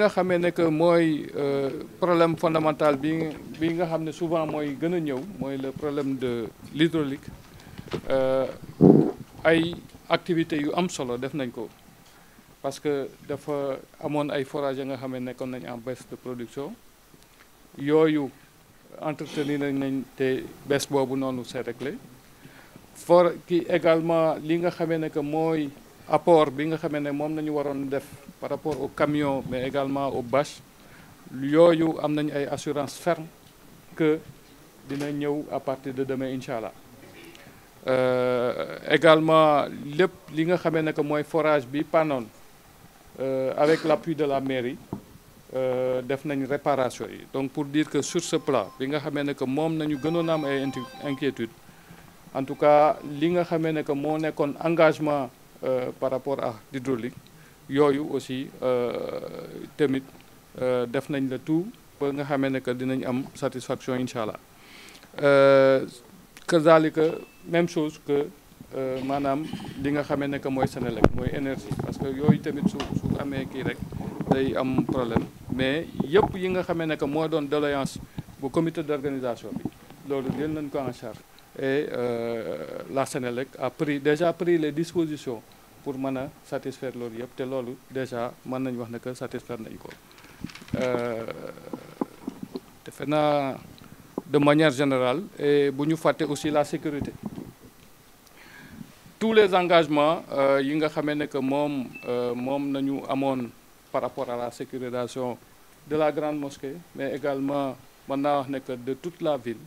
nga xamee ne que mooy euh, problème fondamental bi bi nga xam ne souvent mooy gën a ñëw mooy le problème de l'hydraulique euh, ay activités yu am solo def nañ ko parce que dafa amoon ay forages nga xam ne nekkoon nañ en baisse de production yooyu entretenir nañ nañ te baisse boobu noonu c'est réglé for ki également li nga xamee ne que mooy apport bi nga xamee ne moom nañu waroon def par rapport aux camions mais également aux bâches yooyu am nañu ay assurance ferme que dina ñëw à partir de demain incha allah euh, également lépp li nga xamee ne mooy forage bi panoon euh, avec l'appui de la mairie euh, def nañu réparation yi donc pour dire que sur ce plan bi nga xamee ne que moom nañu gënoon am ay inquiétude en tout cas li nga xamee ne que moo nekkoon engagement Euh, par rapport à l'hydraulique yooyu aussi euh, tamit euh, def nañ la tout ba nga xamee ne que dinañ am satisfaction incha allah kazalika même chose que maanaam li nga xamee ne que mooy Senelec mooy énergie parce que yooyu tamit su su amee kii rek day am problème mais yëpp yi nga xamee ne que moo doon doléance bu comité d'organisation bi loolu jël nañ ko en charge et la Senelec a pris déjà pris les dispositions pour mën a satisfaire loolu yëpp te loolu déjà mën nañu wax ne que satisfaire nañu ko euh, defe naa de manière générale et bu ñu fàtte aussi la sécurité tous les engagements euh, yi nga xamee ne que moom euh, moom nañu amoon par rapport à la sécurisation de la grande mosquée mais également mën naa wax ne que de toute la ville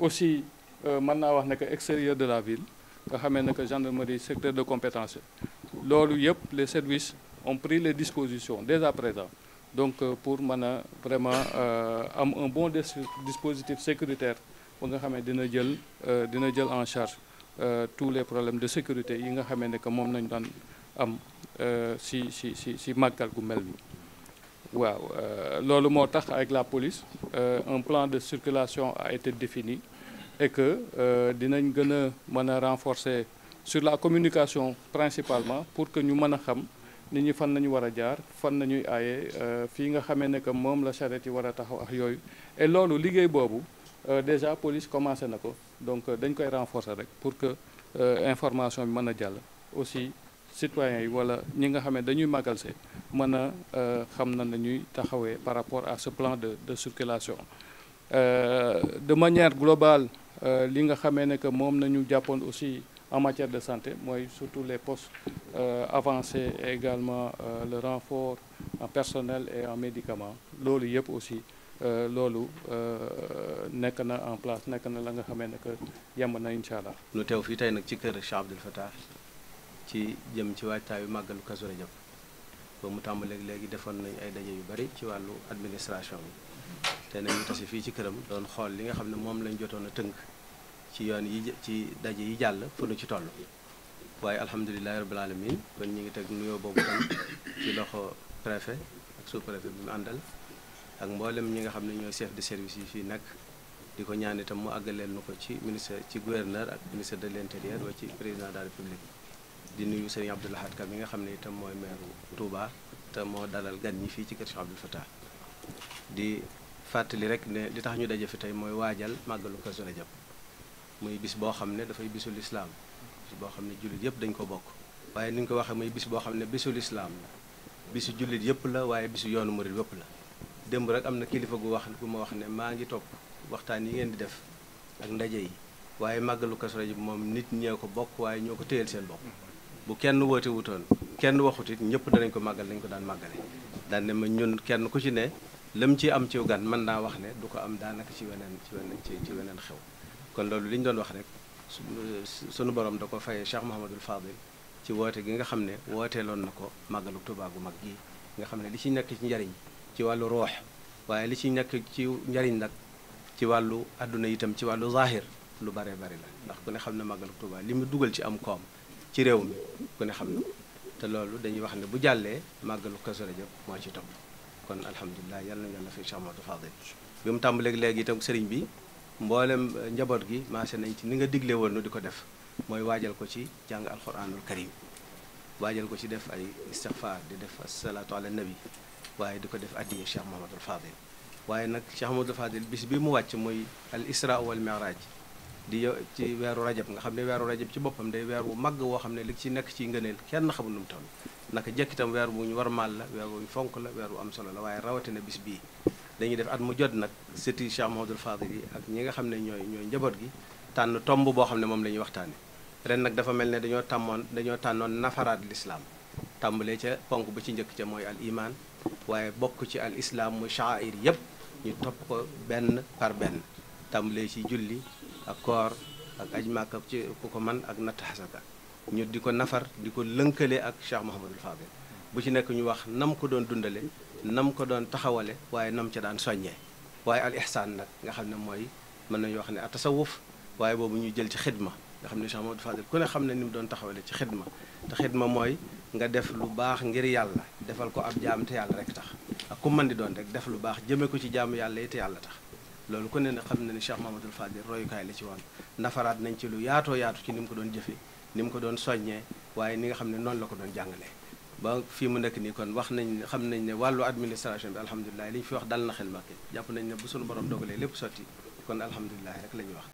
aussi mën naa wax ne que extérieur de la ville nga xamee ne que gendarmerie secteur de compétence loolu yëpp les services ont pris les dispositions dès à présent donc euh, pour mën a vraiment euh, am un bon dispositif sécuritaire pour nga xamee dina jël euh, dina jël en charge tous les problèmes de sécurité yi nga xamee ne que moom nañu daan am si si si si màggal gu mel ni waaw loolu moo tax avec la police un plan de circulation a été défini et que euh, dinañ gën a mën a renforcer sur la communication principalement pour que ñu mën a xam nit ñi fan nañu war a jaar fan nañuy aaye euh, fii nga xamee ne que moom la charrette yi war a taxaw ak yooyu et loolu liggéey boobu euh, déjà police commencé na ko donc dañ koy renforcer rek pour que information bi mën a jàll aussi citoyens yi wala ñi nga xam ne dañuy màggal see mën a xam na nañuy taxawee par rapport à ce plan de de circulation de manière globale Euh, li nga xamee ne que moom nañu jàppoon aussi en matière de santé mooy surtout les postes euh, avancés et également euh, le renfort en personnel et en médicaments loolu yëpp aussi loolu nekk na en place nekk na la nga xamee ne que yemb na incha allah. ñu teew fii tey nag ci kër Cheikh Abdoul Fattah ci jëm ci waajtaayu màggalu Kazu Rajab ba mu tàmbaleeg léegi defoon nañ ay daje yu bari ci wàllu administration bi. te nag ñu fii ci këram doon xool li nga xam ne moom lañ jotoon a tënk ci yoon yi ci daje yi jàll fu nu ci toll waaye alhamdulilahi rabbil alamin kon ñu ngi teg nuyoo boobu tam ci loxo préfet ak sous préfet bi mu àndal ak mboolem ñi nga xam ne ñooy chef de service yi fii nekk di ko ñaan tam mu àggaleel nu ko ci ministre ci gouverneur ak ministre de l'intérieur wa ci président de la république di nuyu Serigne Abdou Lahad Ka bi nga xam ne itam mooy maire Touba te moo dalal gan ñi fii ci kër Cheikh Abdoul di fàttali rek ne li tax ñu daje fi tey mooy waajal màggalu Kazu Rajab muy bis boo xam ne dafay bisu lislaam bis boo xam ne jullit yëpp dañ ko bokk waaye ni ñu ko waxee muy bis boo xam ne bisu lislaam la bisu jullit yëpp la waaye bisu yoonu murit yëpp la démb rek am na kilifa gu wax gu ma wax ne maa ngi topp waxtaan yi ngeen di def ak ndaje yi waaye màggalu Kazu Rajab moom nit ñee ko bokk waaye ñoo ko téyal seen bokk bu kenn woote wutoon kenn waxut ñëpp danañ ko màggal dañ ko daan màggale ne lam ci am ci gan mën naa wax ne du ko am daanaka ci weneen ci weneen ci weneen xew kon loolu li ñu doon wax rek su sunu borom da ko fayee Cheikh Mouhamadul Fadil ci woote gi nga xam ne wooteeloon na ko màggalu tubaab gu mag gi nga xam ne li ci nekk ci njariñ ci wàllu roox waaye li ci nekk ci njariñ nag ci wàllu àdduna itam ci wàllu zahir lu bare bari la ndax ku ne xam ne màggalu Tuubaa li mu dugal ci am koom ci réew mi ku ne xam na te loolu dañuy wax ne bu jàllee màggalu Kazu Rajab moo ci topp kon alhamdulilah yal na yàlla fi Cheikh Amadou Fadil bi mu tàmbaleeg léegi itam sëriñ bi mboolem njaboot gi maase nañ ci ni nga digle woon nu di ko def mooy waajal ko ci jàng alquranul karim waajal ko ci def ay istighfar di def asalaatu ala nabi waaye di ko def addiya Cheikh Mahamadul Fadil waaye nag Cheikh Mahamadul Fadil bis bi mu wàcc mooy al isra wal miraj di yow ci weeru rajab nga xam ne weeru rajab ci boppam day weer wu màgg woo xam ne li ci nekk ci ngëneel kenn xamul nu mu toll naka jëkk weer wu ñu warmaal la weer wuñu fonk la weer wu am solo la waaye rawatina bis bii dañuy def at mu jot nag sëti Cheikh Mouhamadoul Fadil yi ak ñi nga xam ne ñooy ñooy njaboot gi tànn tomb boo xam ne moom lañuy ñuy waxtaane ren nag dafa mel ne dañoo tàmmoon dañoo tànnoon nafaraat lislaam tàmbalee ca ponk ba ci njëkk ca mooy al imaan waaye bokk ci al islaam muy sha'ir yëpp ñu topp ko benn par benn tàmbalee ci julli ak koor ak aj Màkka ci ku ko man ak natt xasaka ñu di ko nafar di ko lënkale ak Cheikh Mouhamadul Fadel bu ci nekk ñu wax nam ko doon dundale nam ko doon taxawale waaye nam ca daan soññee waaye al ihsaan nag nga xam ne mooy mën nañu wax ne a tasawuf waaye boobu ñu jël ci xidma nga xam ne Cheikh Mouhamadul Fadel ku ne xam ne ni mu doon taxawale ci xidma te xidma mooy nga lu baax ngir yàlla defal ko ab jaam te yàlla rek tax ak ku di doon rek def lu baax jëme ko ci jaamu yàlla yi te yàlla tax loolu ku ne xam ne ne Cheikh Mouhamadul Fadel royukaay la ci woon nafaraat nañ ci lu yaatoo yaatu ci ni mu ko doon jëfee ni mu ko doon soññee waaye ni nga xam ne noonu la ko doon jàngalee. ba fii mu nekk nii kon wax nañ ne xam nañ ne wàllu administration bi alhamdulilah li ñu fi wax dal na xel Mbàkke jàpp nañ ne bu suñu borom dogalee lépp sotti kon alhamdulilah rek la ñuy wax.